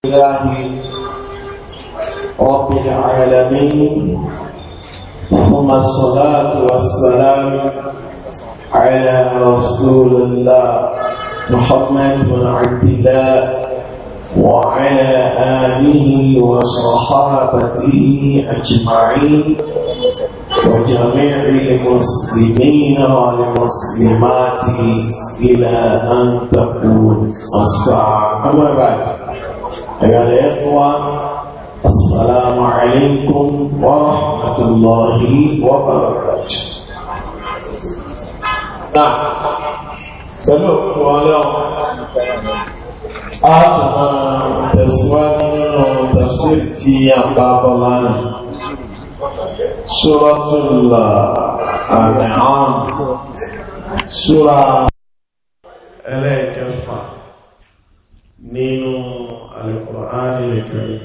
الله رب العالمين ثم الصلاة والسلام على رسول الله محمد بن عبد الله وعلى آله وصحابته أجمعين وجميع المسلمين والمسلمات إلى أن تكون الساعة أما بعد أيها الإخوة السلام عليكم ورحمة الله وبركاته نعم فلوكم اليوم أعطنا تسوانين وتسويتي يا باب الله سورة سورة إليك الفاتحة nínú Al-Qur'an al-Karim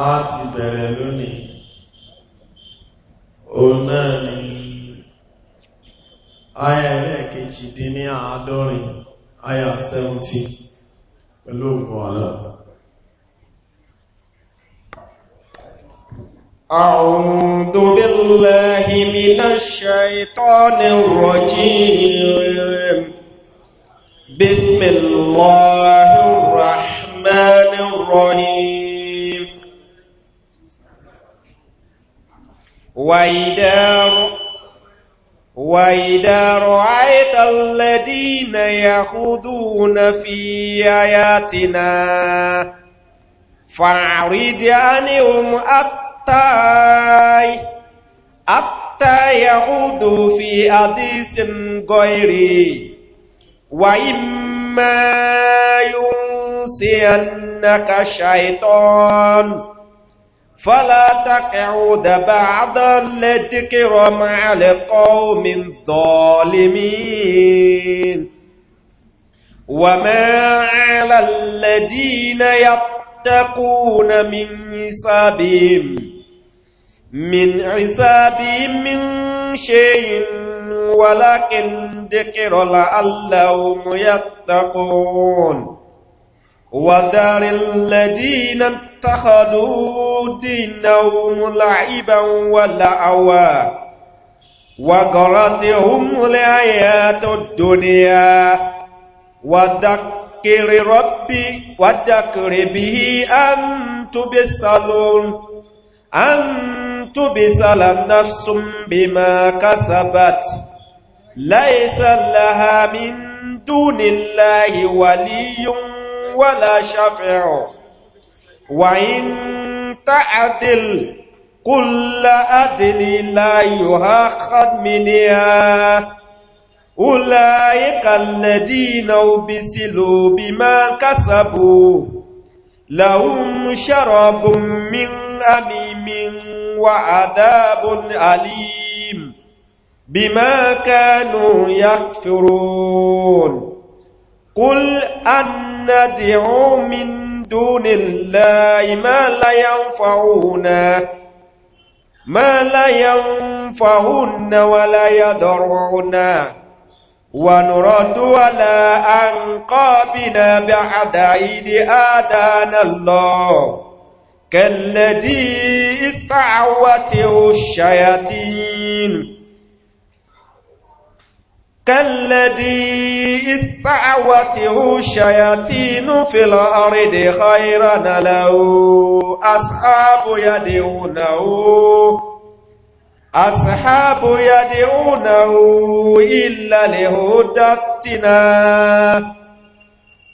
a ti bẹ̀rẹ̀ lónìí òun náà ni àyà ẹlẹ́ẹ̀kejì dín ní àádọ́rin àyà 70 pẹ̀lú أعوذ بالله من الشيطان الرجيم بسم الله الرحمن الرحيم وإذا وإذا رأيت الذين يخوضون في آياتنا فأعرض عنهم أب الطاي الطاي يعود في أديس غيري وإما ينسينك شيطان فلا تقعد بعد الذكر مع القوم الظالمين وما على الذين يتقون من حسابهم من عصابهم من شيء ولكن ذكر لعلهم يتقون ودار الذين اتخذوا دينهم لعبا ولعوا وقرتهم الآيات الدنيا وذكر ربي وذكر به أن تبصلون أن تبسل نفس بما كسبت ليس لها من دون الله ولي ولا شفع وإن تعدل كل أدل لا يهاخذ منها أولئك الذين أبسلوا بما كسبوا لهم شراب من أميم وعذاب أليم بما كانوا يكفرون قل أن ندعو من دون الله ما لا ينفعنا ما لا ينفعنا ولا يضرعنا ونرد على أنقابنا بعد إذ آدانا الله كالذي استعوته الشياطين كالذي استعوته الشياطين في الأرض خيرا له أصحاب يدعونه أصحاب يدعونه إلا لهدتنا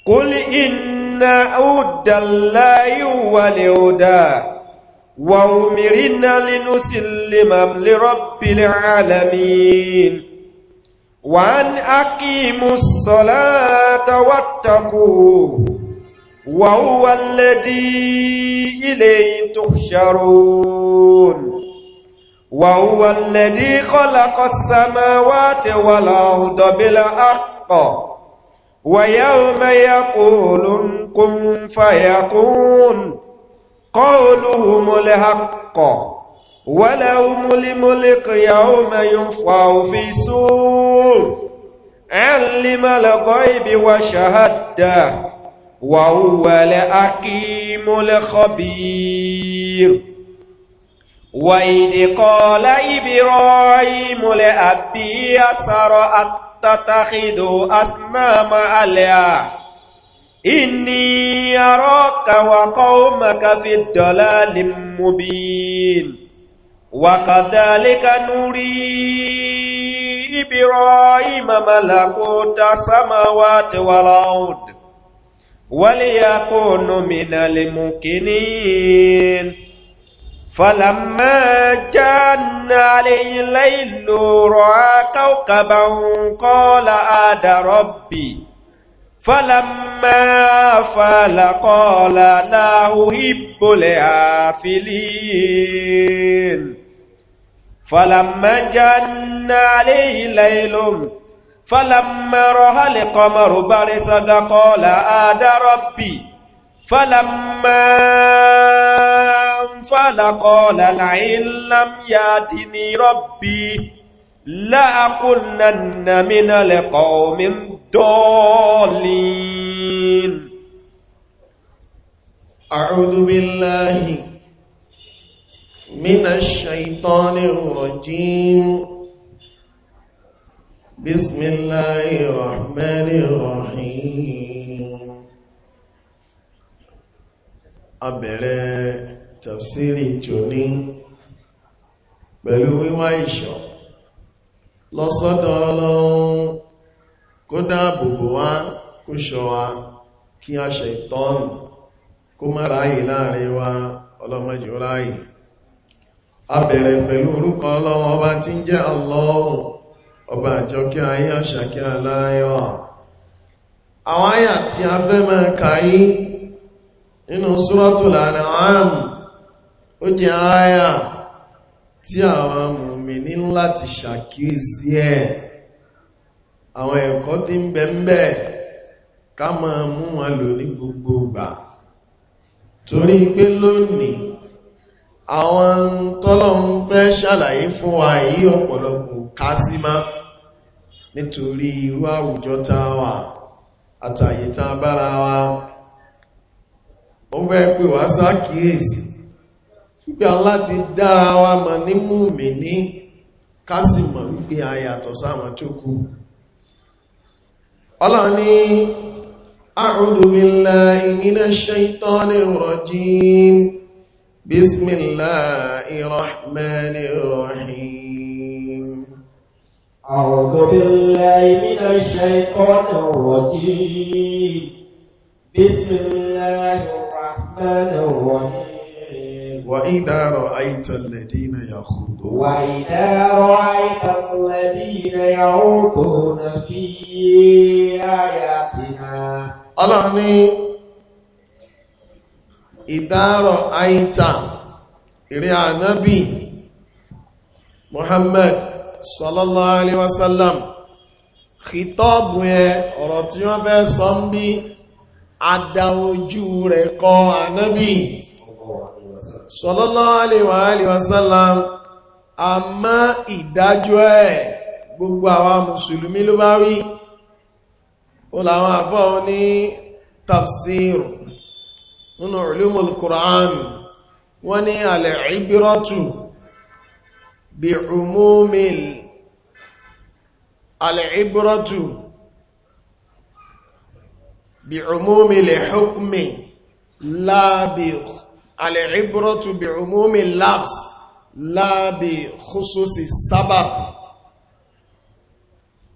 قل إن وأمرنا لنسلم لرب العالمين وأن أقيموا الصلاة واتقوه وهو الذي إليه تحشرون وهو الذي خلق السماوات والأرض بالحق ويوم يقول قم فيقول قولهم الحق ولهم الملك يوم ينفع في سور علم الغيب وشهد وهو الحكيم الخبير وإذ قال إبراهيم لأبي أسرأت تتخذوا أصنام عليا إني أراك وقومك في الضلال مبين وكذلك نري إبراهيم ملكوت السماوات والأرض وليكون من الموقنين فلما جان عليه الليل رأى كوكبا قال أدى ربي فلما فال قال لا أحب لآفلين فلما جن عليه ليل فلما رأى القمر برصد قال أدى ربي فلما انفل قال لئن لم ياتني ربي لأكونن من القوم الضالين أعوذ بالله من الشيطان الرجيم بسم الله الرحمن الرحيم أبرئ tafsiri tòní pẹ̀lú wíwá ìṣọ́ lọ́sọ́dọ̀ ọlọ́run kó dáàbòbò wá kó ṣọ́ wa kí a ṣe ìtọ́nù kó má ráyè láàrin wa ọlọ́mọjì ráyè a bẹ̀rẹ̀ pẹ̀lú orúkọ ọlọ́run ọba tí ń jẹ́ ọlọ́run ọba àjọ kí ayé àṣà kí aláyọ̀ àwọn àyà tí a fẹ́ mẹ́ kàáyí nínú Suratul An'am ó jẹ́ ààyà tí àwọn mùmìnì láti ṣàkíyèsí ẹ̀ àwọn ẹ̀kọ́ tí ń bẹ ń ká máa mú wọn lò ní gbogbo ìgbà torí pé lónìí àwọn tọ́lọ́run fẹ́ ṣàlàyé fún wa èyí ọ̀pọ̀lọpọ̀ má nítorí irú àwùjọ tá wà àtàyè tá bára wa ó fẹ́ pè wá sákìíyèsí pípé Allah ti dára wa mọ̀ ní mùmíní ká sì mọ̀ wípé a yàtọ̀ sáwọn tó kú Allah ní a'udhu billahi minash shaitanir rajim bismillahir rahmanir rahim a'udhu billahi minash shaitanir rajim bismillahir rahmanir وإذا رأيت الذين يخوضون وإذا رأيت الذين يعودون في آياتنا Allah ní ìdárọ̀ àìta ìrẹ́ ànábì Muhammad sallallahu alaihi wasallam kìtọ́bù ẹ ọ̀rọ̀ tí wọ́n fẹ́ sọ ń bí àdá ojú rẹ̀ kọ ànábì sallallahu alaihi wasallam àmọ́ ìdájọ́ ẹ̀ gbogbo àwa mùsùlùmí ló bá rí o láwọn àfọ́ ní tafsir nínú ulumul Qur'an wọ́n ní al-ibratu bi umumil al-ibratu bi umumil hukmi la al-ibratu bi umumi lafs la bi khususi sabab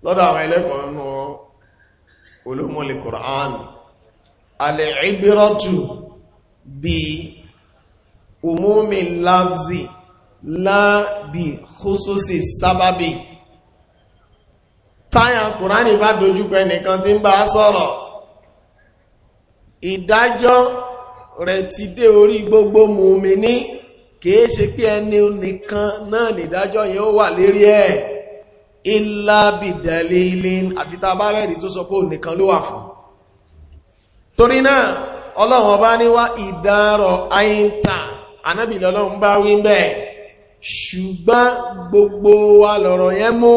lọ́dọ̀ àwọn ẹlẹ́kọ̀ọ́ nínú ulumul Qur'an al-ibratu bi umumi lafzi la bi khususi sababi táyà Kùránì bá dojúkọ ẹnìkan tí ń bá sọ̀rọ̀ ìdájọ́ rẹ̀ ti dé orí gbogbo mùmí ní kìí ṣe pé ẹni nìkan náà nìdájọ́ yẹn ó wà lérí ẹ̀ ìlàbìdẹ̀lẹ̀ ilé àti tàbárẹ̀rì tó sọ pé nìkan ló wà fún torí náà ọlọ́run ọba ìdárọ̀ àyíntà anábìlọ́lọ́run bá wí ṣùgbọ́n gbogbo wa yẹn mú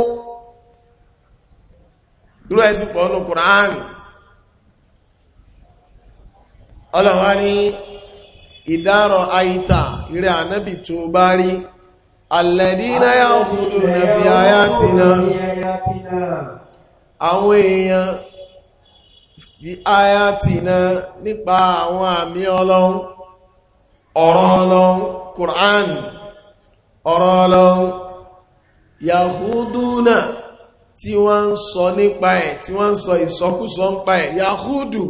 ọlọ́wà ní ìdárọ̀ àìta ìrẹ́ ànábì tó bá rí alẹ́dínà yà òkúrò na fi ayá ti na àwọn èèyàn fi ayá ti na nípa àwọn àmì ọlọ́run ọ̀rọ̀ ọlọ́run kùrán ọ̀rọ̀ ọlọ́run yàhúdúnà tí wọ́n ń sọ nípa ẹ̀ tí wọ́n ń sọ ìsọkúsọ nípa ẹ̀ yàhúdù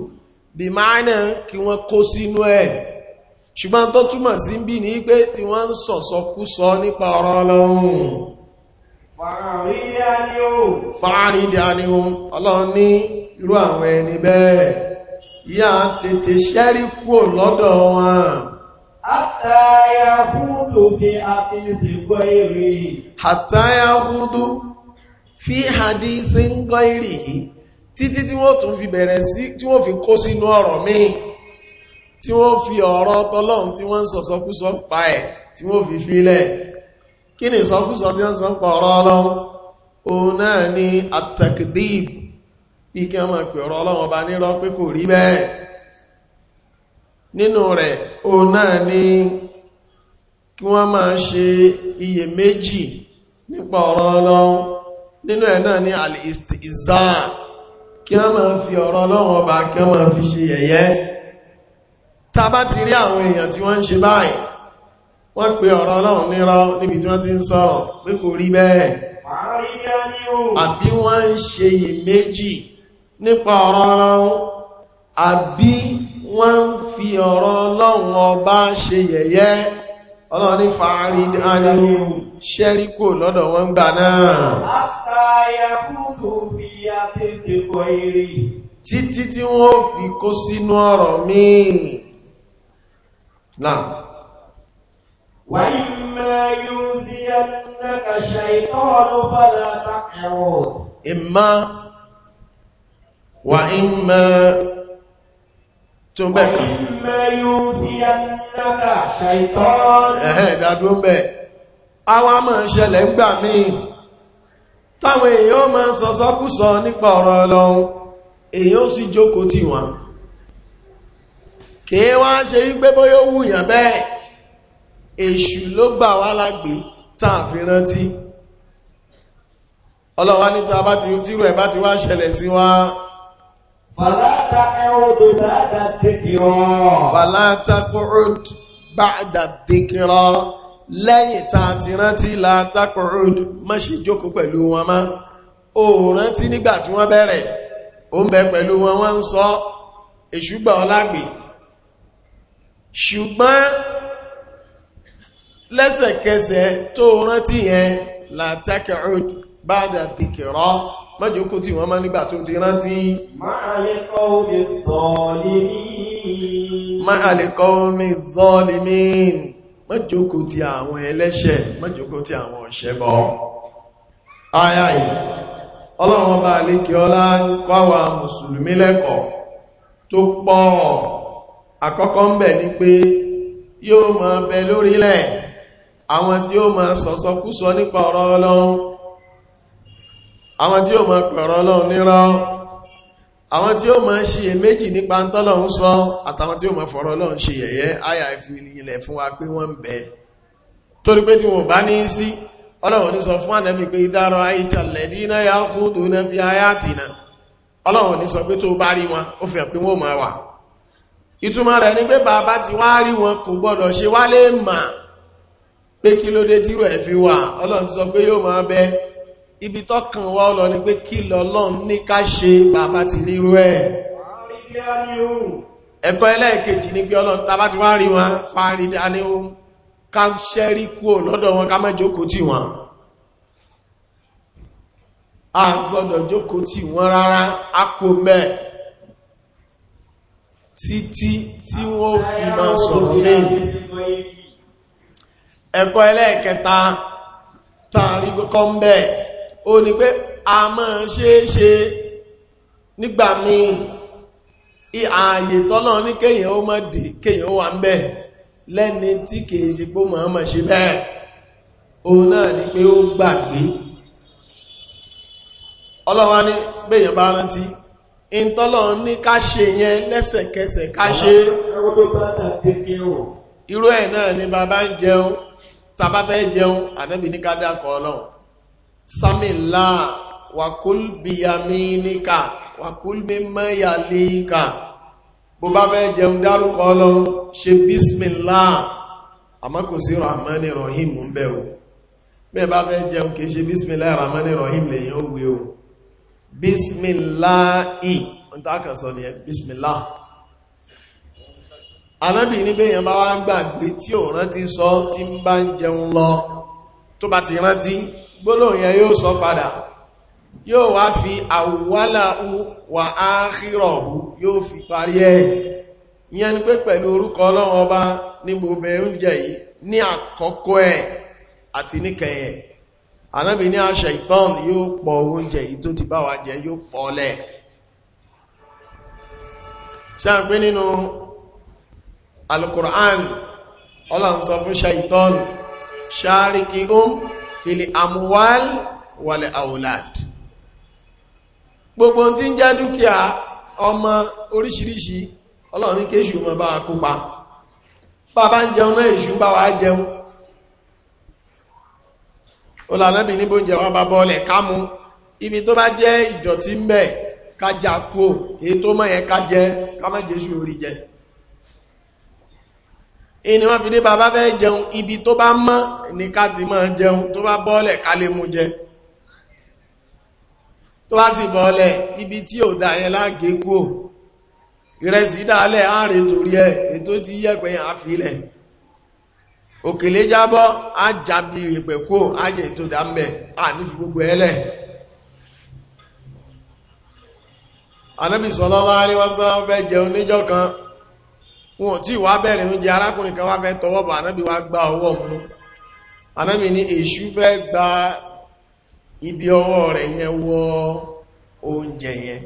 bí máa náà kí wọ́n kó sínú ẹ̀ ṣùgbọ́n tó túmọ̀ sí bí ní pé tí wọ́n ń sọ̀sọkúsọ nípa ọ̀rọ̀ ọlọ́run fàárídà ni ó ọlọ́run ní irú àwọn ẹni bẹ́ẹ̀ yá tètè ṣẹ́rí kúrò lọ́dọ̀ wọn fi hadithin gọ́ yìí títí tí wọ́n tún fi bẹ̀rẹ̀ sí tí wọ́n fi kó sínú ọ̀rọ̀ míì tí wọ́n fi ọ̀rọ̀ tọ́lọ́run tí wọ́n ń sọ̀sọ́kúsọ pa ẹ̀ tí wọ́n fi fílẹ̀ kí ni sọkúsọ tí wọ́n sọ pa ọ̀rọ̀ ọlọ́run òun náà ni atakdib bí kí wọ́n máa pè ọ̀rọ̀ ọlọ́run ọba nírọ́ pé kò rí bẹ́ẹ̀ nínú rẹ̀ ni kí wọ́n máa ṣe iyèméjì nípa ọ̀rọ̀ ọlọ́run nínú ẹ̀ náà ni al-istihza' kí wọ́n máa fi ọ̀rọ̀ ọlọ́run ọba kí wọ́n máa fi ṣe yẹ̀yẹ́ ta bá ti rí àwọn èèyàn tí wọ́n ń ṣe báyìí wọ́n pe ọ̀rọ̀ ọlọ́run nírọ́ níbi tí wọ́n ti ń sọ̀rọ̀ pé kò rí bẹ́ẹ̀ àbí wọ́n ń ṣe ọlọ́run ní fàárí dánú ṣẹ́rí kò lọ́dọ̀ wọn gbà náà títí tí wọ́n fi kó sínú ọ̀rọ̀ míì náà wà ní mẹ́rin sí ẹ̀nàkà ṣàìtọ́ ọdún fàdà tàkẹ̀wọ̀ tó ń bẹ̀ kan. Ẹ̀hẹ́ ìdádúró ń bẹ̀. Àwọn máa ń ṣẹlẹ̀ ńgbà míì. Táwọn èèyàn máa ń sọsọ́kúsọ nípa ọ̀rọ̀ Ọlọ́run, èèyàn sì jókòó tì wọ́n. Kìí wá ṣe wípé bóyá ó wùyàn bẹ́ẹ̀, èṣù ló gbà wá lágbé táà fi rántí. Ọlọ́wá níta bá ti rú ẹ̀ bá ti wá ṣẹlẹ̀ sí wa. Fàlátà ẹ̀hùdù bàdà dìkìrọ̀. Fàlátà kùrùd bàdà dìkìrọ̀. Lẹ́yìn tá a ti rántí látà kùrùd, má ṣe jókòó pẹ̀lú wọn má. O rántí nígbà tí wọ́n bẹ̀rẹ̀, ó ń bẹ pẹ̀lú wọn wọ́n ń sọ, èṣùgbà ọlágbè. Ṣùgbọ́n lẹ́sẹ̀kẹsẹ̀ tó rántí yẹn látà kùrùd bàdà dìkìrọ̀ mọ́jì ó kó tí wọ́n má nígbà tó ti rántí máàlẹ́kọ́ omi zọ́ọ̀lìmín mọ́jì ó kó tí àwọn ẹlẹ́ṣẹ̀ mọ́jì ó kó tí àwọn ọ̀ṣẹ́bọ ayayi ọlọ́run bá alékẹ́ ọlá kọ́ wa mùsùlùmí lẹ́kọ̀ọ́ tó pọ̀ àkọ́kọ́ ń bẹ ni pé yóò máa bẹ lórílẹ̀ àwọn tí ó máa sọ̀sọkúsọ nípa ọ̀rọ̀ ọlọ́run àwọn tí ó mọ̀ pẹ̀rọ ọlọ́run nírọ́ àwọn tí ó mọ̀ ṣe méjì nípa ń tọ́lọ́run sọ àtàwọn tí ó mọ̀ fọ̀rọ̀ ọlọ́run ṣe yẹ̀yẹ́ àyà ìfìlẹ̀ fún wa pé wọ́n ń bẹ torí pé tí wọ́n bá ní sí ọlọ́run ní sọ fún ànẹ́bí pé ìdárọ̀ àìtàlẹ̀dínà yà fún tòun fi ayátìna ibi tọ́kàn wá lọ ni pé kí lọ́lọ́n ní ká ṣe bàbá ti rírú ẹ̀ ẹ̀kọ́ ẹlẹ́ẹ̀kejì ní pé ọlọ́n tàbá ti wá rí wọn fàárí dání ó ká ṣẹ́rí kúò lọ́dọ̀ wọn ká má jókòó tì a gbọ́dọ̀ jókòó tì wọ́n rárá a kò mẹ́ títí tí wọ́n fi ma sọ̀rọ̀ ní ẹ̀kọ́ ẹlẹ́ẹ̀kẹta ó ní pé a máa ṣe é ṣe nígbà míì ààyè tọ́lọ́ ní kéèyàn ó mọ́ dé kéèyàn ó wà ń bẹ̀ lẹ́ni tí kìí ṣe pó mọ̀ mọ̀ ṣe bẹ́ẹ̀ òun náà ni pé ó gbàgbé ọlọ́wà ní béèyàn bá rántí ìntọ́lọ̀ ní ká ṣe yẹn lẹ́sẹ̀kẹsẹ̀ ká ṣe irú ẹ̀ náà ni bàbá ń jẹun tàbá fẹ́ jẹun ànábì ní ká dákọ̀ ọlọ́run samila wakul biyaminika wakul mimayalika bó bá fẹ́ jẹun dárúkọ ọlọ́run ṣe bísmìlá àmọ́ kò sí rahmani rahim ń bẹ̀ o bẹ́ẹ̀ bá fẹ́ jẹun kìí ṣe bísmìlá rahmani rahim lèyàn ó wé o bísmìlá ì ń tákàn sọ nìyẹn bísmìlá anábì ní bẹ́yàn bá wá gbàgbé tí ò rántí sọ tí ń bá jẹun lọ tó bá ti rántí gbólóhùn yẹn yóò sọ padà yóò wá fi àwọ́láhù wà áhírọ̀hù yóò fi parí ẹ̀ ìyẹn ni pé pẹ̀lú orúkọ ọlọ́run ọba ní gbogbo oúnjẹ yìí ní àkọ́kọ́ ẹ̀ àti níkẹyẹ anábì ní àṣẹ ìtàn yóò pọ̀ oúnjẹ yìí tó ti bá wa jẹ yóò pọ̀ lẹ̀ ṣàpé fili amuwal wal aulad gbogbo tí ń jẹ́ dúkìá ọmọ oríṣiríṣi ọlọ́run ní kéṣù mọ́ bá kópa bàbá ń jẹun náà bá wà jẹun olànàbì níbo jẹ wọn bá bọ́ọ̀lẹ̀ kámú ibi tó bá jẹ́ ìdọ̀tí èyí tó mọ́ kámọ́ jésù orí ìní wọ́n fi ní bàbá fẹ́ jẹun ibi tó bá mọ́ ní ká ti máa jẹun tó bá bọ́ọ̀lẹ̀ ká lè mú jẹ tó bá sì bọ́ọ̀lẹ̀ ibi tí ò dá yẹn láàgé kúò ìrẹsì dálẹ̀ ààrẹ torí ẹ ètò ti yẹ́pẹ̀ àfilẹ̀ wọn tí wà bẹ̀rẹ̀ oúnjẹ arákùnrin kan wá fẹ́ tọwọ́ bà anábì wá gba ọwọ́ mú anábì ní èṣù fẹ́ gba ibi ọwọ́ rẹ̀ yẹn wọ oúnjẹ yẹn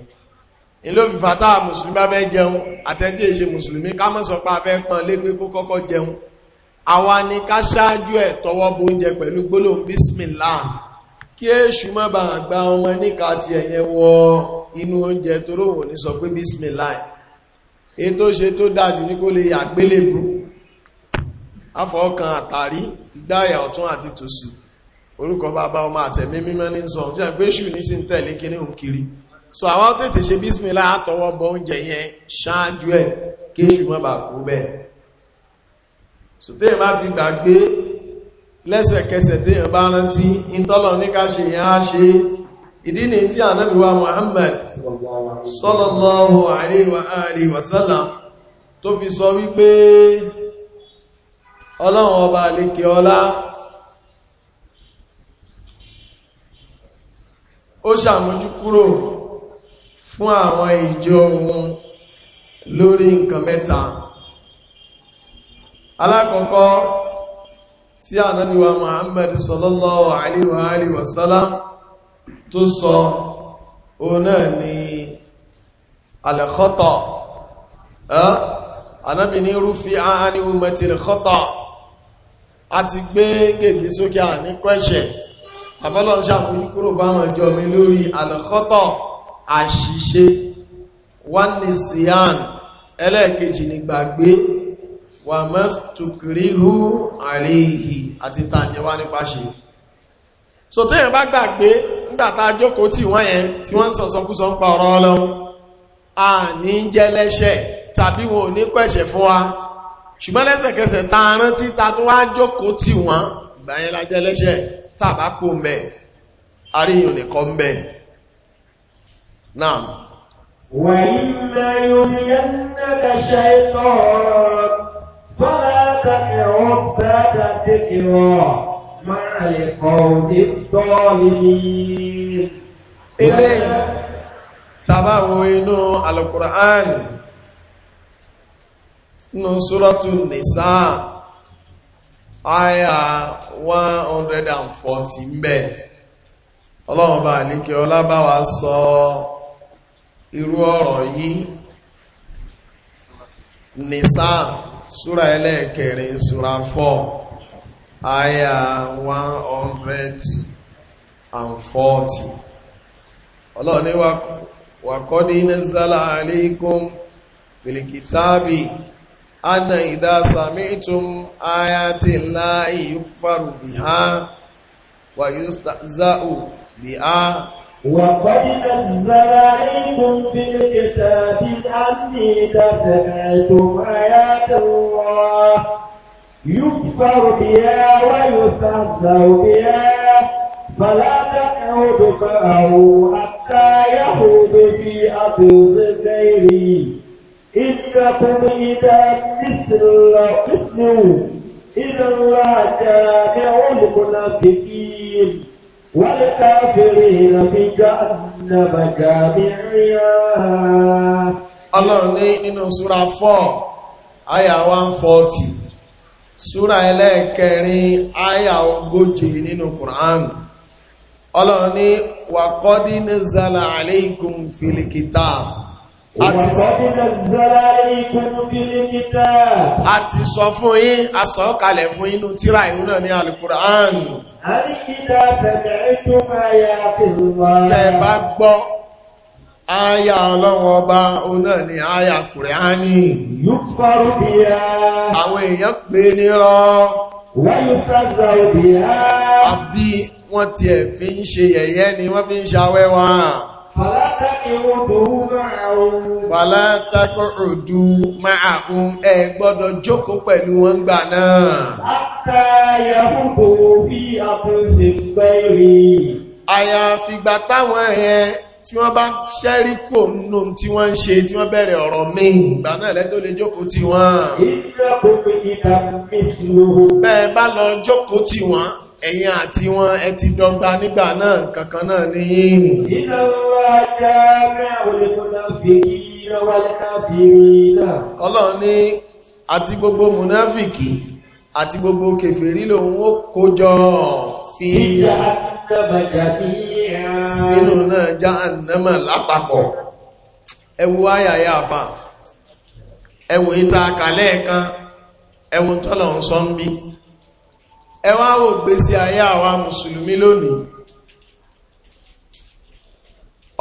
ilé òfìfà táà mùsùlùmí bá fẹ́ jẹun àtẹ́tí èṣe mùsùlùmí ká mọ́ sọ fẹ́ pọ́n légbé kó kọ́kọ́ jẹun àwa ni ká ṣáájú ẹ̀ tọwọ́ bọ oúnjẹ pẹ̀lú gbólóhùn bismillah kí èṣù má bàa gba ọmọ níka ti ẹ̀yẹ wọ inú oúnjẹ toróhùn ní sọ pé bismillah ètò ṣe tó dájú ní kó lè àgbélébú afọ́ọ̀kan àtàrí ìgbáyà ọ̀tún àti tòsì orúkọ bàbá ọmọ àtẹ̀mí mímọ́ ní sọ tí a gbéṣù ní sí tẹ̀lé kí òkiri so àwọn tètè ṣe bísmìlá àtọwọ́ bọ oúnjẹ yẹn ṣáájú ẹ̀ kí èṣù mọ́ bà kú bẹ́ẹ̀ so téèyàn bá ti gbàgbé lẹ́sẹ̀kẹsẹ̀ téèyàn bá rántí ìtọ́lọ̀ ní ká ṣe yẹn á ṣe é ìdí ni tí ànábì wa Muhammad sallallahu alaihi wa alihi wa sallam tó fi sọ wípé ọlọ́run ọba alékè ọlá ó ṣàmójú kúrò fún àwọn ìjọ ohun lórí nǹkan mẹ́ta alákọ̀ọ́kọ́ tí ànábì wa Muhammad sallallahu alaihi wa alihi wa sallam tó sọ òun náà ni alẹ́kọ́tọ̀ anábì ní rúfí àárín umẹ̀tì lẹ́kọ́tọ̀ a ti gbé gègé sókè ní kọ́ẹ̀ṣẹ̀ àbọ́lọ̀ ń sàmójú kúrò báwọn ẹjọ́ mi lórí alẹ́kọ́tọ̀ àṣìṣe wọ́n ni siyan ẹlẹ́ẹ̀kejì ni gbàgbé wà mẹ́sùtùkìríhù àríhì àti tàjẹwà nípa ṣe so tí èyàn gbàgbé nígbàtà jókòó tí wọ́n yẹn tí wọ́n sọ̀sọ̀kúsọ ń pa ọ̀rọ̀ ọlọ́ a ní jẹ́ lẹ́ṣẹ̀ tàbí wọn ò ní kwẹ̀ṣẹ̀ fún wa ṣùgbọ́n lẹ́sẹ̀kẹsẹ̀ ta rántí ta tó wá jókòó tí wọ́n ìgbàyẹn la jẹ́ lẹ́ṣẹ̀ tàbá وَإِمَّا يُنْيَنَّكَ شَيْطَانٌ فَلَا تَقْعُدْ بَعْدَ مع القوم الظالمين إليه تبعوا إنه القرآن nínú Súrọ́tù Nìsá àyà 140 mbẹ̀ ọlọ́run bá àníkẹ́ ọlábáwà sọ irú ọ̀rọ̀ yìí Nìsá súra ẹlẹ́ẹ̀kẹrin súra 4 aya 140 ọlọ́run ní wàkọ́ ní nazala alaykum filikitabi anna idha sami'tum ayati llahi yukfaru biha wa yustahza'u biha وقد نزل عليكم في الكتاب أن إذا سمعتم آيات الله يكفر بها ويستهزأ بها فلا تقعد معه حتى يخوض في حديث غيره إنكم إذا مثل مثله إذا لا جامع المنافقين والكافرين في جهنم جامعيا. Ọlọ́run ní nínú Súra 4, Aya 140 súra ẹlẹ́ẹ̀kẹrin àyà ogójì nínú Qur'an ọlọ́run ní wàkọ́dí ní zala aleikum filikita a ti sọ fún yín a sọ kalẹ̀ fún inú tíra ìhun náà ní al-Qur'an Àríkítà tó máa yà Aya ọlọ́run ọba oná ni aya Kùránì. Yúkọrù bí a. Àwọn èèyàn pè ní rọ. Wáyé sáza òbí a. Àbí wọ́n ti ẹ̀ fi ń ṣe yẹ̀yẹ́ ni wọ́n fi ń ṣàwẹ́wà. Fàlátàkì òdú máa ń ẹ gbọ́dọ̀ jókòó pẹ̀lú wọn tí wọ́n bá ṣẹ́rí kò nù tí wọ́n ń ṣe tí wọ́n bẹ̀rẹ̀ ọ̀rọ̀ míì ìgbà náà lẹ́tọ́ lè jókòó tí wọ́n bẹ́ẹ̀ bá lọ jókòó tí wọ́n ẹ̀yin àti wọn ẹ ti dọ́gba nígbà náà kankan náà ní ọlọ́run ní àti gbogbo mùnáfìkì àti gbogbo kèfèrí lòun ó kójọ fi ìyá Sinu náà jahannama lápapọ̀ ẹwù Ewu àfà ya afa. àkàlẹ̀ ẹ̀kan ẹwù tọ́lọ̀ Ewu sọ ń bí ẹwà wò gbésí ayé àwa mùsùlùmí lónìí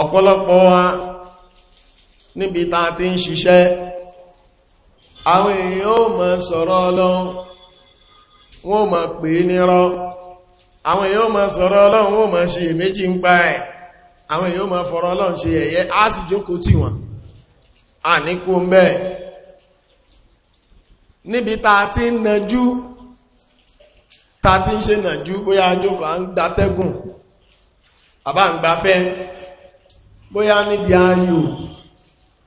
ọ̀pọ̀lọpọ̀ wa níbi ta ti ń ṣiṣẹ́ àwọn èèyàn ó máa sọ̀rọ̀ ọlọ́run wọ́n máa pè é nírọ́ àwọn èèyàn ma sọ̀rọ̀ ọlọ́run ó ma ṣe méjì ń pa ẹ̀ àwọn èèyàn ma fọ̀rọ̀ ọlọ́run ṣe ẹ̀yẹ á sì jókòó tì wọ́n à ní kó ń bẹ́ẹ̀ níbi ta ti ń najú ta ti ń ṣe najú bóyá ajókòó à ń gbatẹ́gùn àbá ń gbafẹ́ bóyá nídi ayò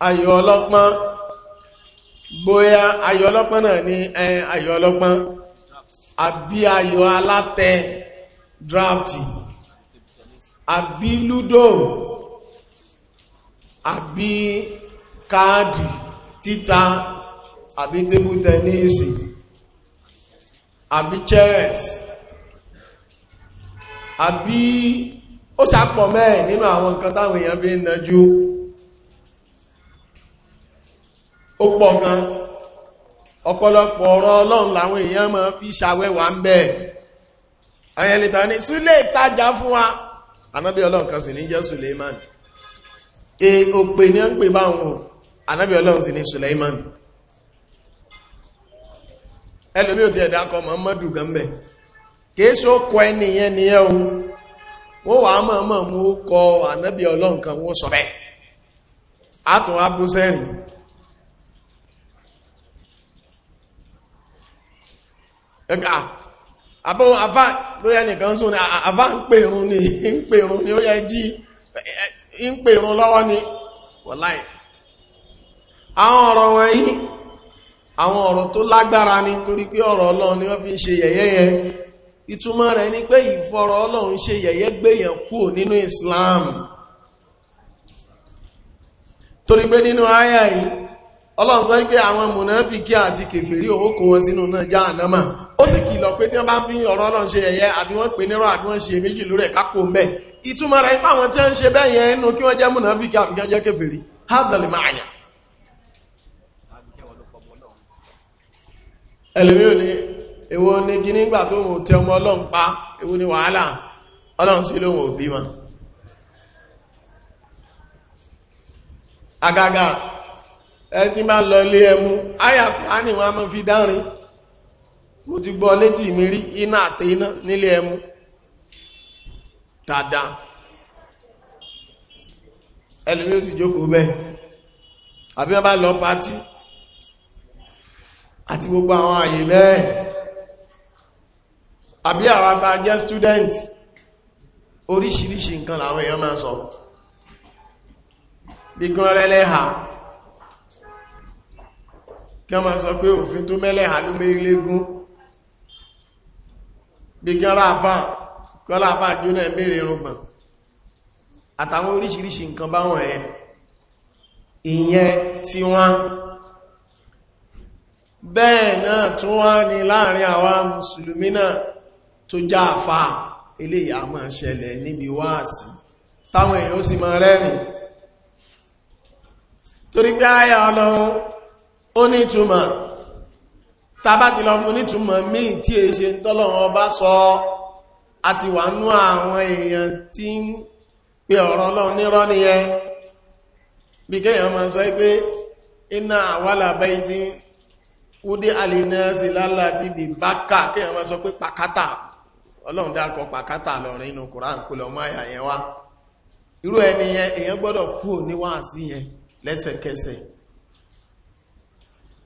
ayò ọlọ́pọ́n bóyá ayò ọlọ́pọ́n náà ní ayò ọlọ́pọ́n àbí ayò alátẹ drafti àbí ludo àbí káàdì títa àbí tébù tẹnísì àbí chess àbí ó sàpọ̀ mẹ́rin nínú àwọn nǹkan táwọn èèyàn bí ń nájú ó pọ̀ gan ọ̀pọ̀lọpọ̀ ọ̀rọ̀ ọlọ́run làwọn èèyàn ma fi ń ayẹlẹ́ta ní súlé ìtajà fún wa anábí ọlọ́run kan sì ní Suleiman e òpè ní ń pè bá wọn anábí ọlọ́run sì ní Suleiman ẹlòmí ò ti ẹ̀dá kọ Muhammadu gánbẹ̀ kìí ṣó ẹniyẹn ni ẹ o wọ́n wà á mọ̀ọ́mọ̀ mú kọ anábí ọlọ́run kan wọ́n sọ bẹ́ẹ̀ àtún àbọ̀ àbá nìkan sún ní àbá ń pè ní ń pè ní ó jí ń pè lọ́wọ́ ní wọ̀láì àwọn ọ̀rọ̀ wọ̀nyí àwọn ọ̀rọ̀ tó lágbára torí pé ọ̀rọ̀ ni wọ́n fi ń ṣe ìtumọ̀ ni pé ìfọ̀rọ̀ ọlọ́run ṣe yẹ̀yẹ́ gbèyàn kúrò nínú Islam torí pé àyà yìí ọlọ́run sọ wípé àwọn mùnáfíkí àti kèfèrí owó kó wọn sínú náà já ànámà ó sì kìlọ̀ pé tí wọ́n bá fi ọ̀rọ̀ ọlọ́run ṣe ẹ̀yẹ àbí wọ́n pè nírọ̀ àbí wọ́n ṣe méjì lórí ẹ̀kápò mẹ́ ìtumọ̀ rẹ̀ ipá àwọn tí wọ́n ṣe bẹ́yẹn nínú kí wọ́n jẹ́ mùnáfíkí àbí kí wọ́n jẹ́ kèfèrí hadal maana ẹlòmí ò ní èwo ní kí nígbà tó mọ̀ tẹ ọmọ ọlọ́run pa èwo ní wàhálà ọlọ́run sí lóhun òbí ma agaga ẹtí máa lọ ilé ẹmú ayàkùnrin ni wọ́n mọ́ fi dárin mo ti gbọ́ létí mi rí iná àti iná nílé ẹmú dáadáa ẹlùmí ó sì jókòó bẹ́ẹ̀ àbí wọ́n bá lọ pàtí àti gbogbo àwọn àyè bẹ́ẹ̀ àbí àwọn àbá jẹ́ student oríṣiríṣi nǹkan làwọn èèyàn máa sọ bí gan rẹ̀ lẹ́hàá kí a máa sọ pé òfin tó mẹ́lẹ̀ àlúmẹ́ ilégún bí kí ọlá àfáà kí ọlá àfáà jóná ẹ̀mẹ́rẹ̀ irúgbọ̀n àtàwọn oríṣiríṣi nǹkan báwọn ẹ̀ ìyẹn tí wọ́n bẹ́ẹ̀ náà tún wá ní láàrin àwa mùsùlùmí náà tó já àfáà eléyìí a ṣẹlẹ̀ níbi wáàsí táwọn èèyàn sì máa rẹ́rìn torí pé ọlọ́run ó ní ìtumọ̀ tàbá lọ fún nítumọ̀ míì tí è ṣe tọ́lọ̀wọ́ bá sọ àti wà nú àwọn èèyàn tí ń pe ọ̀rọ̀ ọlọ́run nírọ́ nìyẹn bí kéèyàn ma sọ pé iná àwálà bẹ́ẹ̀ tí wúdí alìnẹ́ẹ̀sì lálà ti bí bákà kéèyàn ma sọ pé pàkátà ọlọ́run dákọ pàkátà lọ́rin inú kùrán lọ máyà irú ẹni yẹn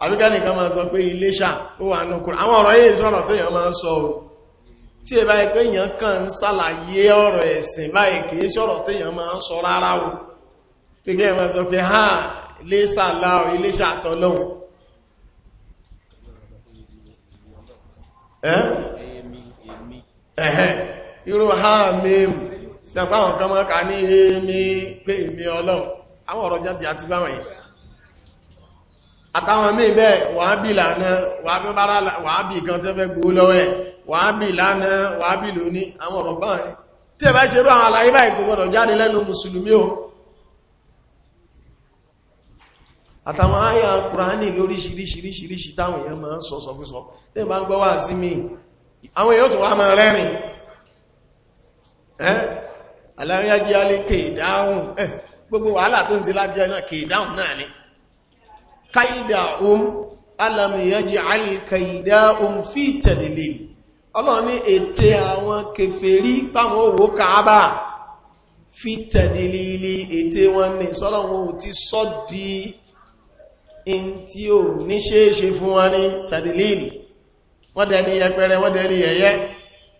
àbíkẹ́ni kan máa sọ pé iléṣà ó wà ní kùrán àwọn ọ̀rọ̀ yìí sọ̀rọ̀ tó yàn máa sọ o tí ẹ báyìí pé èyàn kàn ń sàlàyé ọ̀rọ̀ ẹ̀sìn báyìí kìí sọ̀rọ̀ tó yàn máa sọ rárá o pé kí ẹ máa sọ irú ha sí àpá àwọn kan máa kà ní èmi pé èmi ọlọ́run àwọn ọ̀rọ̀ jáde àti báwọn yìí àtàwọn míì bẹ́ẹ̀ wàábì lànà wàábì bára wàábì kan tí ó fẹ́ gbó lọ́wọ́ ẹ̀ wàábì lànà wàábì lóní àwọn ọ̀rọ̀ báwọn ẹ̀ tí ẹ bá ṣerú àwọn àlàyé báyìí kò gbọdọ̀ jáde lẹ́nu mùsùlùmí o àtàwọn àyà kùránì lóríṣiríṣiríṣiríṣi táwọn èèyàn máa ń sọ sọfúsọ tí ẹ bá ń gbọ́ wà sí mi àwọn èèyàn tó wá máa ni kaidahum alam yaj'al kaidahum fi tadlil ọlọ́run ní ète àwọn kèfèrí páwọn òwò kàábà fi tadlili ète wọn ní sọ́lọ́run ò ti sọ́ di in tí ò ní ṣeéṣe fún wọn ní tadlil wọ́n dẹni yẹpẹrẹ wọ́n dẹni yẹyẹ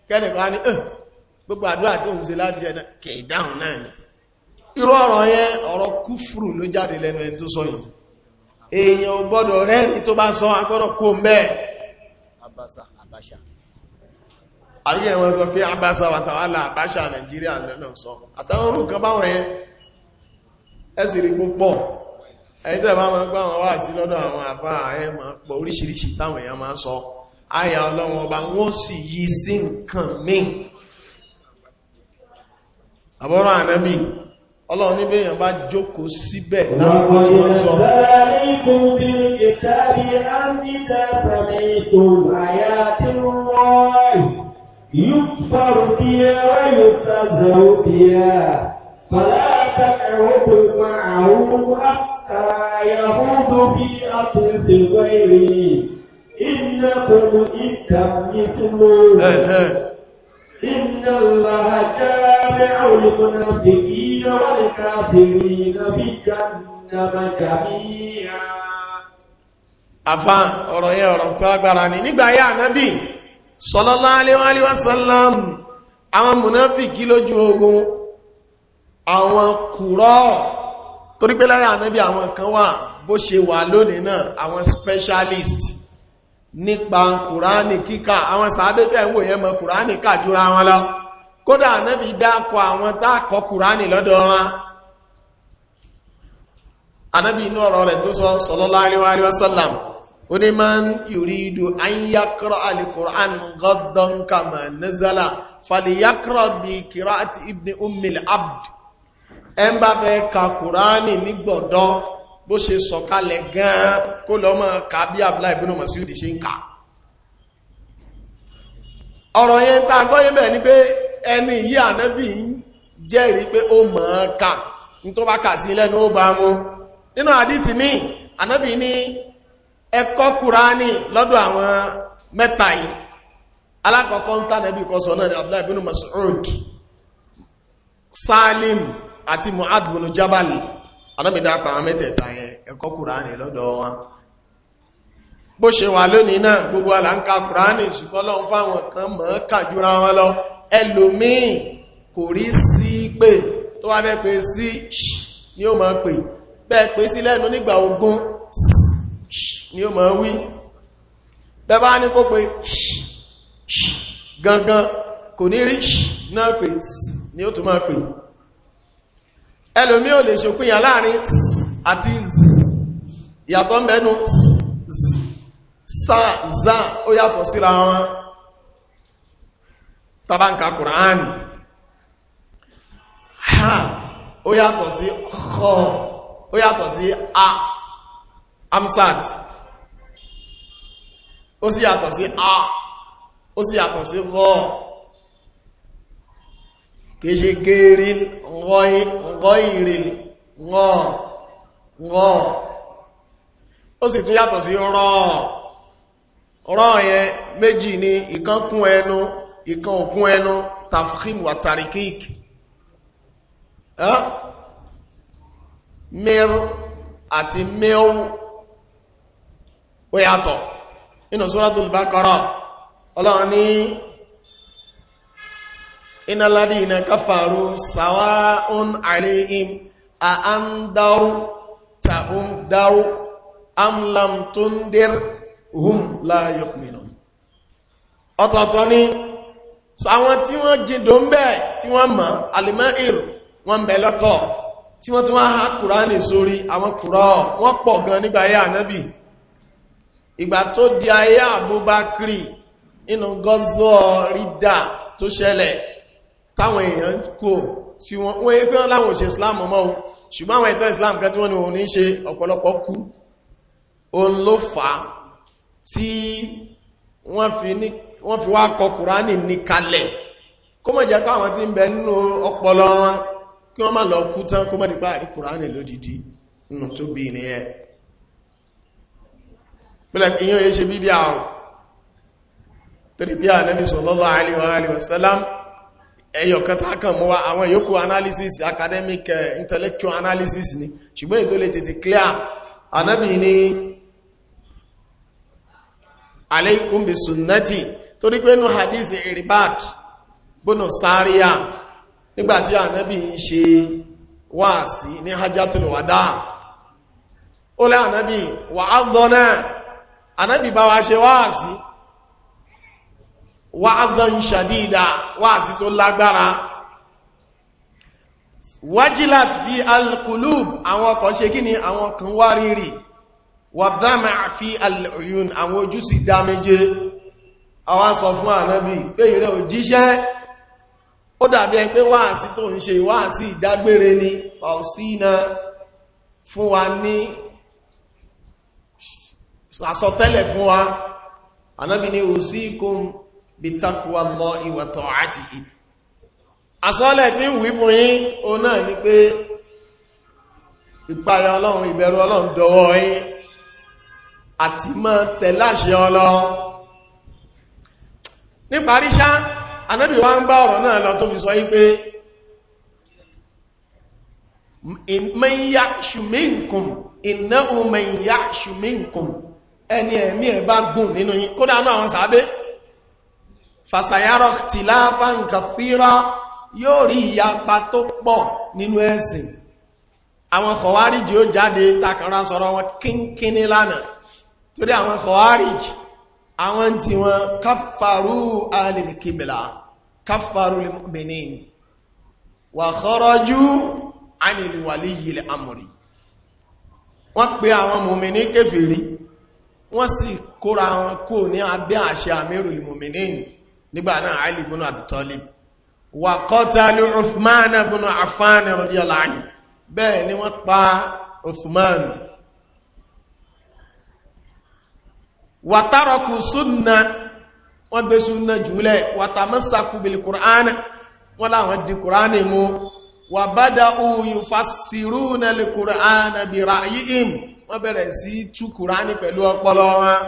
kẹ́nìkan ní gbogbo àdúrà tó ń ṣe láti ẹ̀dá kẹ̀ẹ̀dáhùn náà èèyàn ò gbọ́dọ̀ rẹ́rìn tó bá sọ agbọ́dọ̀ kó mẹ́ ayé abasa wàtàwálà àbáṣà nàìjíríà lẹ́nà sọ àtàwọn orùn kan báwọn yẹn ẹ̀sì rí púpọ̀ ẹ̀ẹ́tẹ̀ bá máa gbá wọn wá sí lọ́dọ̀ àwọn àfá ààrẹ máa ayà ọlọ́wọ́n ọba wọ́n sì yí sí nǹkan míì àbọ́rọ̀ ànábì ọlọ́run ní bèèyàn bá jókòó síbẹ̀ lásìkò tí wọ́n sọ يُكْفَرُ بِهَا وَيُسْتَهْزَأُ بِهَا فَلَا تَقْعُدْ مَعَهُمْ حَتَّى يَخُوضُوا فِي حَدِيثٍ غَيْرِهِ إِنَّكُمْ إِذًا مِثْلُهُمْ إن الله جامع المنافقين والكافرين في جهنم جميعا àfá ọ̀rọ̀ yẹn ọ̀rọ̀ tó agbára ni nígbà yá ànábì sallallahu alaihi wa sallam àwọn mùnáfìkì lójú ogun àwọn kùrọ̀ torípé láyé ànábì àwọn kan wà bó ṣe wà lónìí náà àwọn specialist nípa kùránì kíkà àwọn sàábẹ́tẹ̀ ń wò yẹn mọ kùránì kàjúra wọn lọ kódà ànábì dákọ àwọn tákọ kùránì lọ́dọ̀ wọn ànábì inú ọ̀rọ̀ rẹ̀ tó sọ sallallahu alaihi wasallam ó bó ṣe sọ̀kalẹ̀ gan-an kó lọ mọ́ ká bí àbúlá ìbúnà masílì ṣe ń ká ọ̀rọ̀ yẹn tá gbọ́yẹ́ bẹ̀ ni pé ẹni yí ànábì ń jẹ́rìí pé ó mọ̀ ọ́n ká ní tó bá kà sí lẹ́nu ó bá mú nínú àdítì ní ànábì ní ẹkọ́ kúránì lọ́dọ̀ àwọn mẹ́ta yìí alákọ̀ọ́kọ́ ń tánàbí kọsọ̀ náà ni abdullahi bin mas'ud salim àti mu'ad bin anábìdá pa àwọn mẹ́tẹ̀ẹ̀ta yẹn ẹ̀kọ́ kùránì lọ́dọ̀ wọn bó ṣe wà lónìí náà gbogbo aláǹkà kùránì ṣùgbọ́n fáwọn kan mọ̀ kàjúra wọn lọ ẹlòmíì kò rí sí pé tó wá bẹ́ẹ̀ pé sí ni ó máa pè bẹ́ẹ̀ pé sí lẹ́nu nígbà ogún ni ó máa wí bẹ́ẹ̀ bá ní kó pé gangan kò ní rí náà pè ni ó tún máa pè ẹlòmí ò lè ṣòpinya láàrin àti ìyàtọ̀ mẹ́nu sáàzá ó yàtọ̀ síra wọn tàbánkà kùránì ha ó yàtọ̀ sí ọ̀ ó yàtọ̀ sí a amsat ó sì yàtọ̀ sí a ó sì yàtọ̀ sí rọ́ọ̀ kìí ṣe gẹ́ẹ̀rí ngọ́ ìrì ngọ́ ngọ́ ó sì tún yàtọ̀ sí rọ́ rọ́ yẹn méjì ni ìkan kún ẹnu ìkan òkun ẹnu tafkhim wa tarikik mir àti mil ó yàtọ̀ inú suratul Baqara ọlọ́run ní iná ládí iná káfàrú sàwáún àríhìm a an dáru ta un dáru amlam tundir hum láyọ̀ mìíràn ọ̀tọ̀ọ̀tọ̀ ni so àwọn tí wọ́n jìndò ń bẹ̀ tí wọ́n mọ̀ alima'ir wọ́n bẹ̀ lọ́tọ̀ tí wọ́n tí wọ́n ha kùránì sórí àwọn kùrọ̀ wọ́n pọ̀ gan nígbà ayé ànábì ìgbà tó di ayé àbúbákiri inú gọ́zọ́ rídà tó ṣẹlẹ̀ táwọn èèyàn kò sí wọn wọ́n yé pé wọ́n láwọn òṣè islam ọmọ o ṣùgbọ́n àwọn ẹ̀tọ́ islam kan tí wọ́n ní òun ní ṣe ọ̀pọ̀lọpọ̀ kú òun ló fà á tí wọ́n fi wá kọ kùránì ní kalẹ̀ kó mọ̀ jẹ́ káwọn tí ń bẹ nínú ọpọlọ wọn kí wọ́n má lọ kú tán kó mọ̀ nípa àrí kùránì lódìdí nù tó bí nìyẹn pẹ̀lẹ̀ ìyàn yẹ́ ṣe bídíà ọ̀ tẹ̀lẹ̀ bí i ànẹ́bí sallallahu alaihi wa sallam ẹyọ̀kan tá kàn mọ́ wa àwọn yòókù analysis academic eh, intellectual analysis ni ṣùgbọ́n ètò lè tètè clear anábì ní aleikum bi sunnati torí pé nú hadisi iribat bónú sáríà nígbàtí anábì ń ṣe wáàsí ní hajjatul wada ó lẹ́ anábì wà á anábì bá wa ṣe wáàsí wa'adhan shadida wáàsí tó lágbára wajilat fi al-qulub àwọn kan ṣe kí ni àwọn kan wá rírì wàdámà fi al-uyun àwọn ojú sì dá méje àwọn sọ fún ànábì pé ìrẹ òjíṣẹ́ ó dàbí ẹn pé wáàsí tó ń ṣe wáàsí ìdágbére ni fàúsínà fún wa ní àsọtẹ́lẹ̀ fún wa ànábì ni usikum bí takuwa lọ ìwàtọ̀ àti ì asọ́lẹ̀ tí wí fún yín o náà ni pé ìpayà ọlọ́run ìbẹ̀rù ọlọ́run dọwọ́ yín àti mọ́ tẹ̀láṣẹ ọlọ́run níparí ṣá anábì wá ń bá ọ̀rọ̀ náà lọ tó fi sọ yí pé ìmẹ́yàṣùmínkùn ìnáhùn mẹ́yàṣùmínkùn ẹni ẹ̀mí ẹ̀ gùn nínú yín kódà náà àwọn sàábé fàṣàyàrọ̀ tìláàbá nǹkan fíra yóò rí ìyapa tó pọ̀ nínú ẹ̀sìn àwọn kọ̀wárìjì ó jáde takànrà sọ̀rọ̀ wọn kínkínní lánàá torí àwọn kọ̀wárìjì àwọn tí wọn káfàrú alìkìbìlà káfàrú lèmọ́bìnrin wà kọ́rọ́jú ánìlìwàlì yìí amòrì wọ́n pe àwọn mòmìnì kéfèrí wọ́n sì kóra wọn kò ní abẹ́ àṣẹ àmìrìlì mòmìnì nígbà náà Ali ibn Abi Talib wà qatalu Uthman ibn Affan radiyallahu anhu bẹ́ẹ̀ ni wọ́n pa Uthman wa taraku súnà wọ́n gbé súnà jùlẹ̀ wa tamassaku bil Qur'an wọ́n láwọn di Qur'an mú wà bada'u yufassiruna lil Qur'an bi ra'yihim wọ́n bẹ̀rẹ̀ sí tú pẹ̀lú ọpọlọ wọn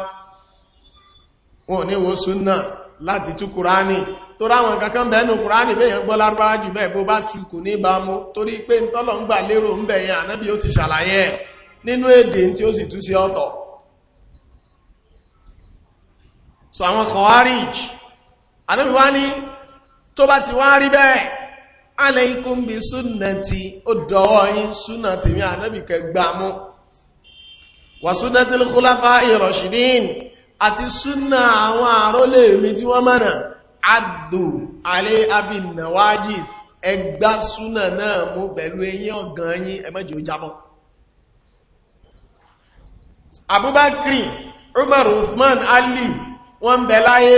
wọn ní wo súnà láti tú kùránì tó ráwọn kankan bẹ̀ẹ́nu kùránì bẹ́yàn gbọ́ lárúbáwá jù bẹ́ẹ̀ bó bá tú kò ní bá mú torí pé ń tọ́lọ̀ ń gbà lérò ń bẹ̀yàn ànábì ó ti ṣàlàyé ẹ̀ nínú èdè tí ó sì tú sí ọ̀tọ̀ so àwọn kọ̀wárìj ànábì wá ní àti súnà àwọn àrólé mi tí wọ́n mọ̀nà àdò alẹ́ abinawajis ẹgbá súnà náà mú pẹ̀lú eyín ọ̀gán yín ẹ má jẹ́ ó jábọ́ abubakri umar uthman ali wọ́n ń bẹ láyé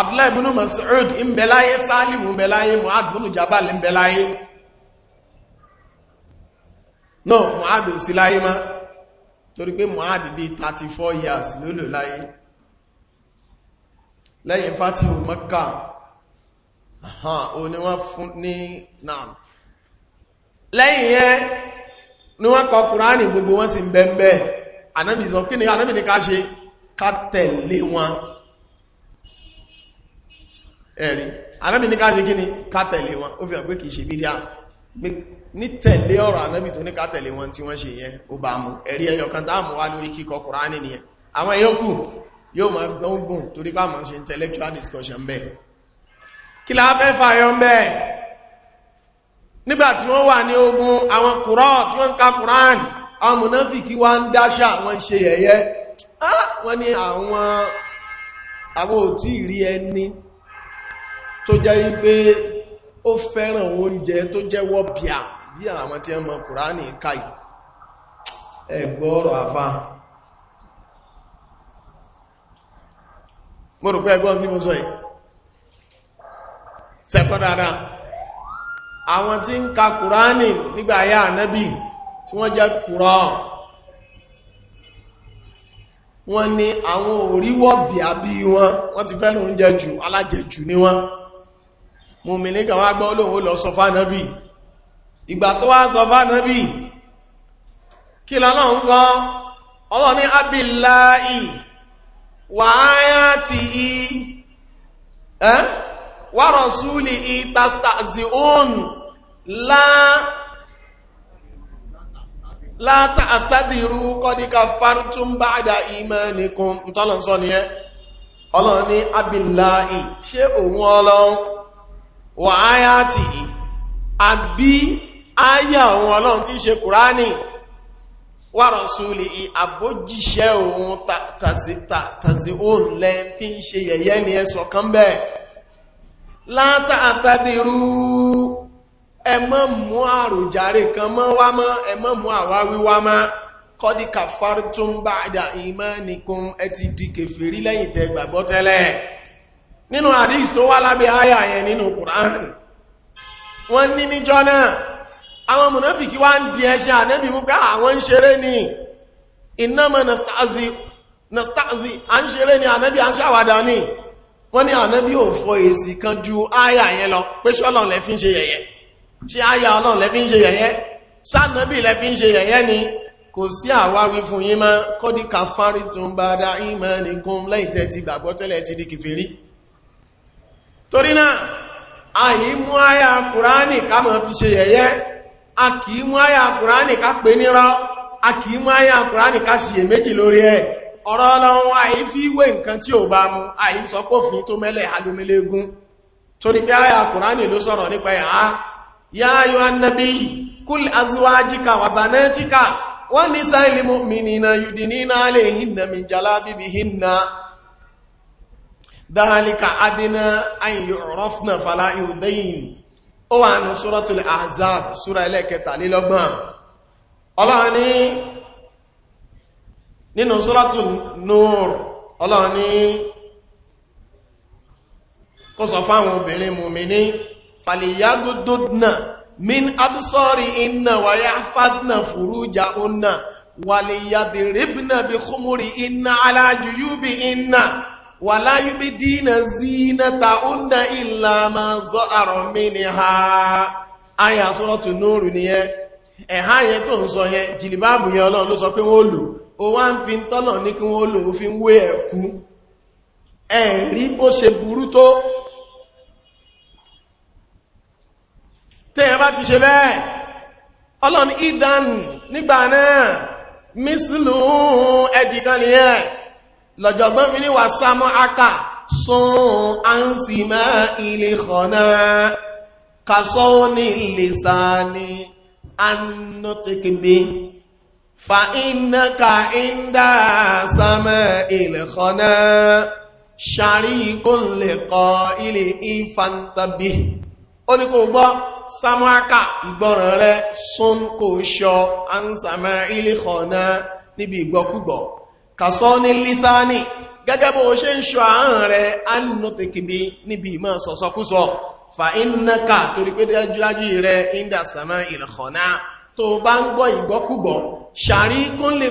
abdullahi ibn mas'ud ń bẹ láyé salim ń bẹ láyé mu'ad ibn jabal ń bẹ láyé torí pé Mu'ad bí 34 years ló lò láyé lẹ́yìn fatihu Mẹ́kà o ni wọ́n fún ní náà lẹ́yìn yẹn ni wọ́n kọ kùránì gbogbo wọn sì bẹ́ẹ̀bẹ́ anábì sọ kí ni anábì ní ká ṣe ká tẹ̀lé wọn ẹ̀rí anábì ní ká ṣe kí ni ká tẹ̀lé wọn ó fi hàn pé kìí ṣe bídíà ní tẹ̀lé ọ̀rọ̀ ànábì tó ní ká tẹ̀lé wọn tí wọ́n ṣe yẹn ó bá mú ẹ̀rí ẹyọkan táàmù wá lórí kíkọ Kùránì nìyẹn àwọn yòókù yóò máa gbọ́ngbùn torí pá máa ṣe intellectual discussion bẹ́ẹ̀ kí la fẹ́ fàyọ bẹ́ẹ̀ nígbàtí wọ́n wà ní ogun àwọn kùrọ́ tí wọ́n ń ka Kùránì àwọn mùnáfìkí wá ń dáṣà wọ́n ṣe yẹ̀yẹ́ wọ́n ní àwọn àwọn òtí ìrí ẹni tó jẹ́ ó fẹ́ràn oúnjẹ tó jẹ́wọ́ bíà bí àwọn tí wọ́n mọ kùránì káì ẹgbọ́rọ̀ àfá mo rò pé ẹgbọ́n tí mo sọ yìí sẹ́kọ́ dáadáa àwọn tí ń ka kùránì nígbà ayá ànábì tí wọ́n jẹ́ kùrọ̀ wọ́n ní àwọn òríwọ̀ bíà bí wọn wọ́n ti fẹ́ràn oúnjẹ jù alájẹjù ni wọ́n mùmìnì kan wá gbọ́ olóhun lọ sọ fánàbí ìgbà tó wá sọ fánàbí kí lọ́nà ń sọ ọlọ́ ní abìláì wà áyàtì ì ẹ́ wà rọ̀súlì ì tàstàzì òun látàtàdìrú kọ́díkà fárútún bá àdá ìmẹ́nikún tọ́lọ̀ sọ ni ẹ́ ọlọ́ ní abìláì òun ọlọ́run wà áyàtì àbí áyà òun ọlọ́run tí ṣe kùránì wà rọ̀súlì àbójíṣẹ́ òun tàzí òun lẹ tí ń ṣe yẹ̀yẹ́ ni ẹsọ̀ kan bẹ́ẹ̀ látàtàdìrú ẹmọ́ mú àròjàre kan mọ́ wá mọ́ ẹmọ́ mú àwá wíwá mọ́ kọ́díkà fárútún bá àdà ìmọ́ nìkan ẹ ti di kèfèrí lẹ́yìn tẹ́ nínú àdíṣ tó wá lábẹ́ ayà yẹn nínú kùránì wọ́n ní níjọ́ náà àwọn mùnáfìkí wá ń di ẹṣẹ́ ànẹ́bì mú pé ah, àwọn ń ṣeré ní ìnámọ̀ nastazi a ń ṣeré ní ànẹ́bì a ń ṣàwádà ní wọ́n ní ànẹ́bì ò fọ èsì kan ju ayà yẹn lọ pé ṣọ́lọ̀n lẹ fi ń ṣe yẹ̀yẹ́ ṣe ayà ọlọ́n lẹ àwáwí fún yín mọ́ kọ́díkà fárí tó ń bá dá ìmọ̀ nìkún lẹ́yìn tẹ́ ti gbàgbọ́ ti di kìfèrí torí náà a yìí mú àyà kùránì ká mọ̀ fi ṣe yẹ̀yẹ́ a kìí mú àyà kùránì ká pè nírọ́ a kìí mú àyà kùránì ká ṣe méjì lórí ẹ̀ ọ̀rọ̀ ọlọ́run àyí fi wé nǹkan tí ò bá mú àyí sọpófin tó mẹ́lẹ̀ alómilégún torí pé àyà kùránì ló sọ̀rọ̀ nípa ẹ̀ á yá ayọ́ annabi kúl dáhálíkà adínà ayin yọ̀rọ̀fnà fàlá ìhùdẹ́yìn ó wà ní ṣúrọ́tùlẹ̀ azab ṣúra ẹlẹ́kẹtàlélọ́gbọ̀n ọlọ́run ní nínú ṣúrọ́tùl nur ọlọ́run ní kó sọ fáwọn obìnrin mùmìnì fàlìyàgódódnà min absọ́rí iná wáyá fádnà fúrújà ọ̀nà wàlìyàdìríbnà bí kúmúrí iná alájúyúbí iná wàlá yúbí zina zínátà ọ̀nà ìlà máa zọ àrọ̀ mí ni ha ayà sọ́rọ̀tù nóòrù nìyẹn ẹ̀há yẹn tó ń sọ yẹn jìlìbáàbù yẹn ọlọ́run ló sọ pé wọ́n lò ó wá ń fi tọ́lọ̀ ní kí wọ́n lò ó fi wé ẹ̀kú ẹ̀rí bó ṣe burú tó tẹ́yẹn bá ti ṣe bẹ́ẹ̀ ọlọ́run ìdánù nígbà náà mísìlù ẹ̀dìkan nìyẹn lọ́jọ̀gbọ́n mi ní wà sámọ́ aka sun ansima ilé kọ̀nà kàṣọ́ ní ilé sáàni annotekebe fa iná ka indá sámọ́ ilé kọ̀nà ṣàrí kó lè kọ ilé infantabi ó ní kò gbọ́ sámọ́ aka ìgbọ́ràn rẹ̀ sun kò ṣọ ansama ilé kọ̀nà níbi ìgbọ́kúgbọ̀ kàsọ́ ní lísáánì gẹ́gẹ́ bó ṣe ń ṣọ àán rẹ̀ annọ́tẹ̀kìbí níbi ìmọ̀ sọ̀sọ̀kúsọ fa innaka torí pé dájúdájú rẹ̀ inda sama ìlẹ̀kọ̀ná tó bá ń gbọ́ ìgbọ́kúgbọ́ ṣàrí kún lè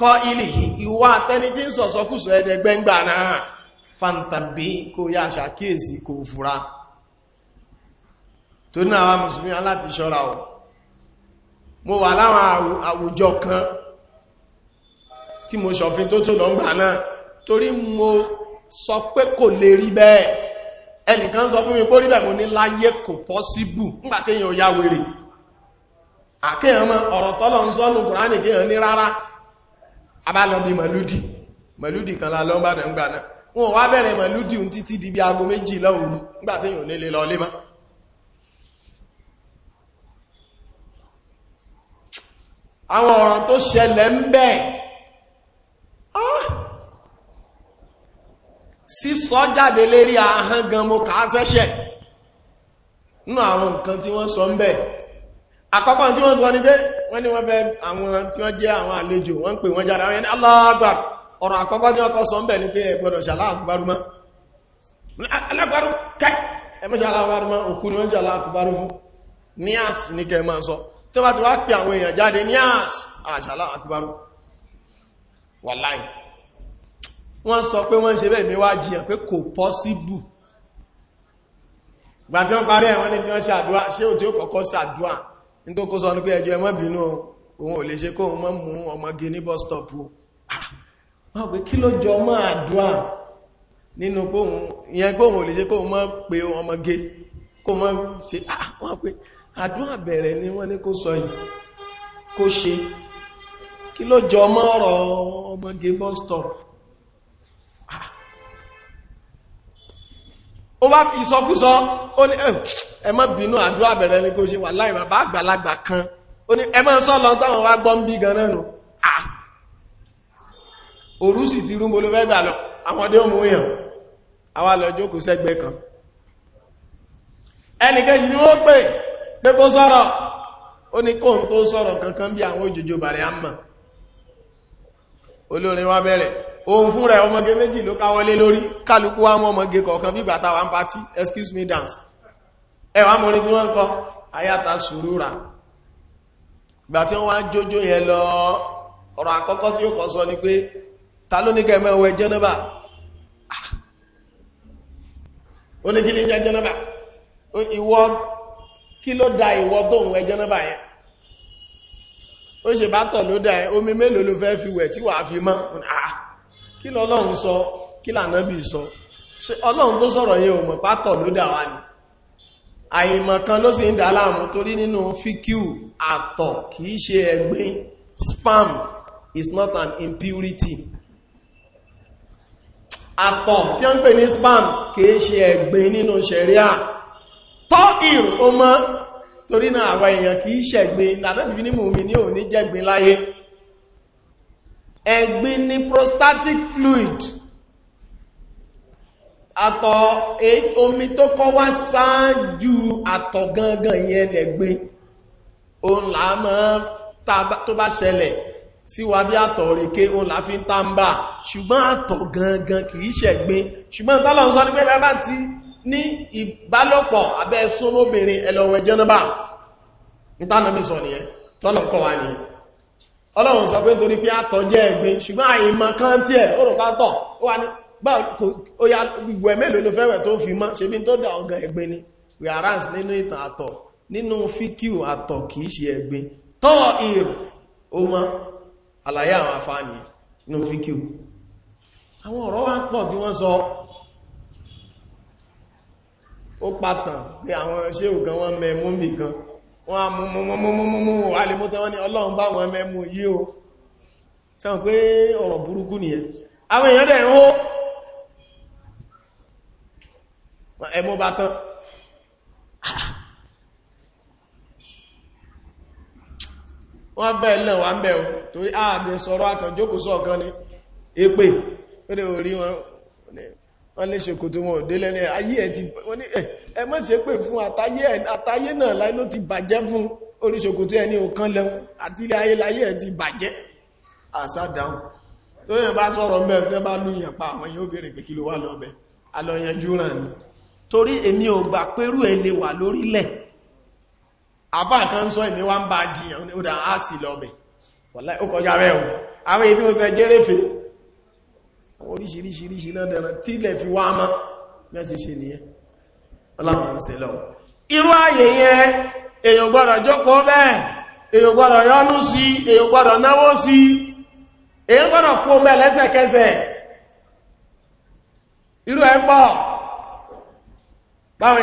kọ́ ilé ìwà tẹni tí ń sọ̀sọ̀kúsọ ẹ̀dẹ̀gbẹ́ngbà náà fàntàbí kó yá ṣàkíyèsí kò fura mo wà láwọn tí mo ṣọ̀fin tó tó lọ́ngbà náà torí mo sọ pé kò lè rí bẹ́ẹ̀ ẹnìkan sọ fún mi pó rí bẹ́ẹ̀ mo ní láyé kò pọ́síbù nígbàtíyàn ò yá wèrè àkíyàn mọ́ ọ̀rọ̀ tọ́lọ̀ ń sọ́nù kùránì kíyàn ní rárá abálọ́bí mẹ̀lúdì mẹ̀lúdì kan la lọ́ngbà náà gbà náà wọn wá bẹ̀rẹ̀ mẹ̀lúdì un títí di bí aago méjì lọ́wọ́ nígbàtíyàn ò nílé lọ lé mọ́ àwọn ọ̀rọ̀ tó ṣẹlẹ̀ ń bẹ́ẹ̀ Ah! sísọ jáde lérí ahán gan mo kàá sẹ́ṣẹ̀ nínú àwọn nǹkan tí wọ́n sọ ń bẹ̀ àkọ́kọ́ tí wọ́n sọ ní pé wọ́n ní wọ́n fẹ́ àwọn tí wọ́n jẹ́ àwọn àlejò wọ́n pè wọ́n jáde wọ́n ẹni ọ̀rọ̀ àkọ́kọ́ tí wọ́n kọ́ sọ ń bẹ̀ ní pé wà láì wọ́n sọ pé wọ́n ń ṣe bẹ́ẹ̀ mi wá jiyàn pé kò pọ́síbù gbà tí wọ́n parí ẹ̀wọ́n ní bí wọ́n ṣàdúwà ṣé ò tí ó kọ́kọ́ ṣàdúwà ní tó kó sọ ní pé ẹjọ́ ẹmọ́ bínú òun ò lè ṣe kó mọ́ mú ọmọge ní bus stop o ah! wọ́n pé kí ló jọ mọ́ àdúwà nínú kóhun ìyẹn kóhun ò lè ṣe kóhun mọ́ pé ọmọge kó mọ́ ṣe ah! wọ́n pé àdúwà bẹ̀rẹ̀ ni wọ́n ní kó sọ yìí kí ló jọ mọ́ ọ̀rọ̀ ọmọge bus stop ah. ó bá fi ìsọkúsọ ó ní ẹ má bínú àdúrà bẹ̀rẹ̀ ní kó ṣe wà láì bàbá àgbàlagbà kan ó ní ẹ má sọ lọ táwọn wá gbọ́n bí gan náà ah. òru sì ti rúmbo ló fẹ́ gbà lọ àwọn ọdẹ òmù èèyàn àwa lọ jókòó sẹ́gbẹ́ kan ẹnìkejì ni wọ́n pè pé kó sọ̀rọ̀ ó ní kóhun tó sọ̀rọ̀ kankan bí àwọn òjòjò bàrẹ̀ àmà olórin wá bẹ̀rẹ̀ ohun fún rẹ̀ ọmọge méjì ló káwọlé lórí kálukú wá mọ́ ọmọge kọ̀ọ̀kan bí bàtà wà ń pàtí excuse me dance ẹwà mọ́rin tí wọ́n ń kọ ayáta sùúrùra ìgbà tí wọ́n wá jójó yẹn lọ ọ̀rọ̀ àkọ́kọ́ tí ó kọ́ sọ ni pé ta ló ní kẹmẹ́ wẹ jẹ́nàbà ah. ó ní kí ní jẹ́ jẹ́nàbà ìwọ kí ló da ìwọ tó ń wẹ jẹ́nàbà yẹn ó ṣe bá tọ̀ ló dá ẹ omi mélòó ló fẹ́ fi wẹ̀ tí wàá fi mọ́ ah, kí lọ́lọ́run sọ kí lànábì sọ ọlọ́run tó sọ̀rọ̀ yẹn ò pátọ̀ ló dá wa ni àìmọ̀ kan ló sì ń dá láàmú torí nínú fíkíù àtọ̀ kìí ṣe ẹ̀gbin spam is not an impurity àtọ̀ tí ó ń pè ní spam kìí ṣe ẹ̀gbin nínú ṣẹ̀ríà tọ́ ìrù torí náà àwọn èèyàn kìí ṣẹ̀gbin lànàbí ní mùmí ní òní jẹ́gbin láyé ẹ̀gbin ni prostatic fluid àtọ̀ omi tó kọ́ wá sáájú àtọ̀ gangan yẹn lẹ̀gbin òun làá mọ́ tó bá ṣẹlẹ̀ sí wa bí àtọ̀ òrèké òun la fi ń tàmbà ṣùgbọ́n àtọ̀ gangan kìí ṣẹ̀gbin ṣùgbọ́n tọ́lọ̀ ń sọ ní pé bẹ́ẹ̀ ní ìbálòpọ̀ abẹ́ súnmóbìnrin ẹlọ́wẹ̀ jẹ́nàbà ìtànàbí sọ nìyẹn tọ́nà kọ́ wá nìyẹn ọlọ́run sọ pé nítorí pé àtọ̀ jẹ́ ẹ̀gbin ṣùgbọ́n àìmọ̀ kan tí ẹ̀ ó rò pátọ̀ ó wá ní bá ó yá ìwẹ̀ mélòó ló fẹ́wẹ̀ tó fi mọ́ ṣe bí tó dà ọgá ẹ̀gbin ni whereas nínú ìtàn àtọ̀ nínú fíkíù àtọ̀ kìí ṣe ẹ̀gbin tọ́ ìrù ó mọ́ àlàyé àwọn afáàní nínú fíkíù àwọn ọ̀rọ̀ wá pọ̀ tí wọ́n sọ ó pàtàn pé àwọn ṣe ògan wọn mẹ́mú mì kan wọ́n a mú mú mú mú mú mú alìmútẹ́ wọ́n ni ọlọ́run bá wọn mẹ́mú yí o sẹ́wọ̀n pé ọ̀rọ̀ burúkú nìyẹn àwọn èèyàn dẹ̀ ń hó ẹmú bá tán wọ́n bẹ́ẹ̀ lẹ̀ wà ń bẹ̀ o torí ààdẹ sọ̀rọ̀ akànjókòó sọ̀kan ni èpè pẹ́lẹ̀ orí wọn wọ́n lè ṣokò tó wọ́n òdé lẹ́ni ayé ẹ̀ ti wọ́n eh, ẹ mọ́ sí pé fún àtayé náà láì ló ti bàjẹ́ fún oríṣokò tó ẹni òkan lẹ́un àti ilé ayé láyé ẹ̀ ti bàjẹ́ àsádáhùn tó yẹn bá sọ̀rọ̀ mẹ́ fẹ́ bá lúyàn pa àwọn yóò béèrè pé kí ló wà lọ́bẹ̀ alọ́yanjú ràn ní torí èmi ò gbà pérú ẹ lè wà lórílẹ̀ àbá kan sọ èmi wá ń bá jiyàn ó dà á sì lọ́bẹ̀ wọ́n láì ó kọjá rẹ̀ o àwọn èyí tí mo sẹ jẹ́rẹ́fẹ́ oríṣiríṣiríṣi náà dẹ̀rẹ̀ tí ilẹ̀ fi wá mọ́ mẹ́sí ṣe nìyẹn ọlọ́run ṣe lọ irú ààyè yẹn èyàn gbọ́dọ̀ jókòó bẹ́ẹ̀ èyàn gbọ́dọ̀ yọ́nú sí èyàn gbọ́dọ̀ náwó sí èyàn gbọ́dọ̀ kó mẹ́ lẹ́sẹ̀kẹsẹ̀ irú ẹ̀ pọ̀ báwọn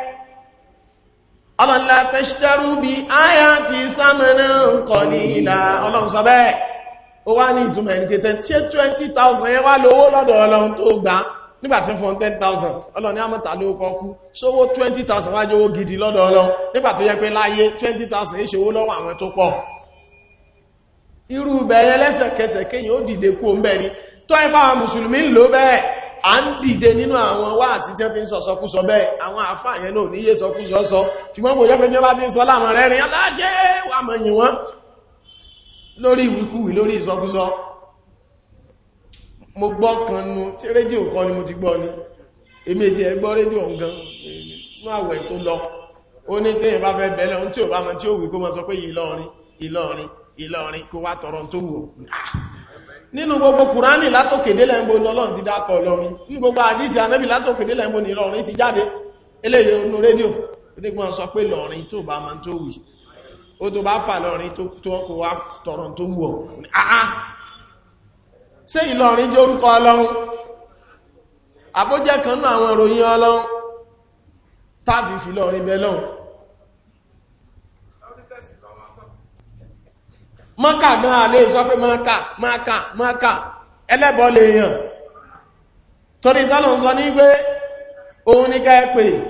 ọlọ́run la tẹ́ṣtẹ́rú bí áyà ti sámẹ́nà kọ̀ ní ìlà ọlọ́run sọ bẹ́ẹ̀ ó wá ní ìtumọ̀ ẹnikẹ́tẹ́ tí 20,000 yẹn wá lówó lọ́dọ̀ ọlọ́run tó gbá nígbàtí fún 10,000 ọlọ́run ní àmọ́ta ló kọkú sówó 20,000 wájú owó gidi lọ́dọ̀ ọlọ́run nígbà tó yẹ pé láyé 20,000 ìṣòwò lọ́wọ́ àwọn tó pọ̀ irú bẹ̀rẹ̀ lẹ́sẹ̀kẹsẹ̀ kéyìn ó dìde kú o ń bẹ̀rí tó ẹ bá mùsùlùmí lò bẹ́ẹ̀ a ń dìde nínú àwọn wáàsí tí wọ́n ti ń sọ̀sọ́kúsọ bẹ́ẹ̀ àwọn àfáà yẹn náà níye sọkúsọ́sọ ṣùgbọ́n kò jẹ́pẹ́ jẹ́ bá ti ń sọ láwọn rẹ́rin aláṣẹ́ wà mọ̀ yìn wọ́n lórí ìwíkúwì lórí ìsọkúsọ mo gbọ́ kan nu mo ti gbọ́ ni èmi ti ẹ̀ gbọ́ rédíò gan nínú àwẹ̀ tó lọ ó ní tí ìbá fẹ́ bẹ̀lẹ̀ ohun tí ò bá mọ̀ tí ó sọ pé Ìlọrin Ìlọrin kó wá tọrọ tó wù ọ́ ah! nínú gbogbo kùránì látòkèdélẹ̀ ń bo lọ́lọ́n ti dákọ̀ lọ́rin ní gbogbo àdísì anẹ́bì látòkèdélẹ̀ ń bo ní lọ́rin ti jáde eléyìí onú rédíò onígbọ́n sọ pé lọ́rin tó bá ma tó wì ó tó bá fà lọ́rin tó kó wá tọ̀rọ̀ tó wù ọ́ amaka agaghị ana ezobemaka maka maka eleba ọla ya tụrụdanụ ụzọ n'igwe ga-ekpe.